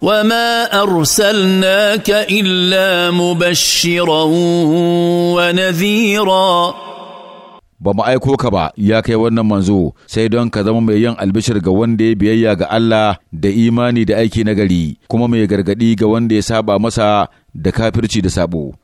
وما ارسلناك الا مبشرا ونذيرا ba mu aiko ka ba ya kai wannan manzo sai don ka zama mai yin albishir ga wanda ya biyayya ga Allah da imani da aiki nagari kuma mai gargadi ga wanda ya saba masa da kafirci da sabo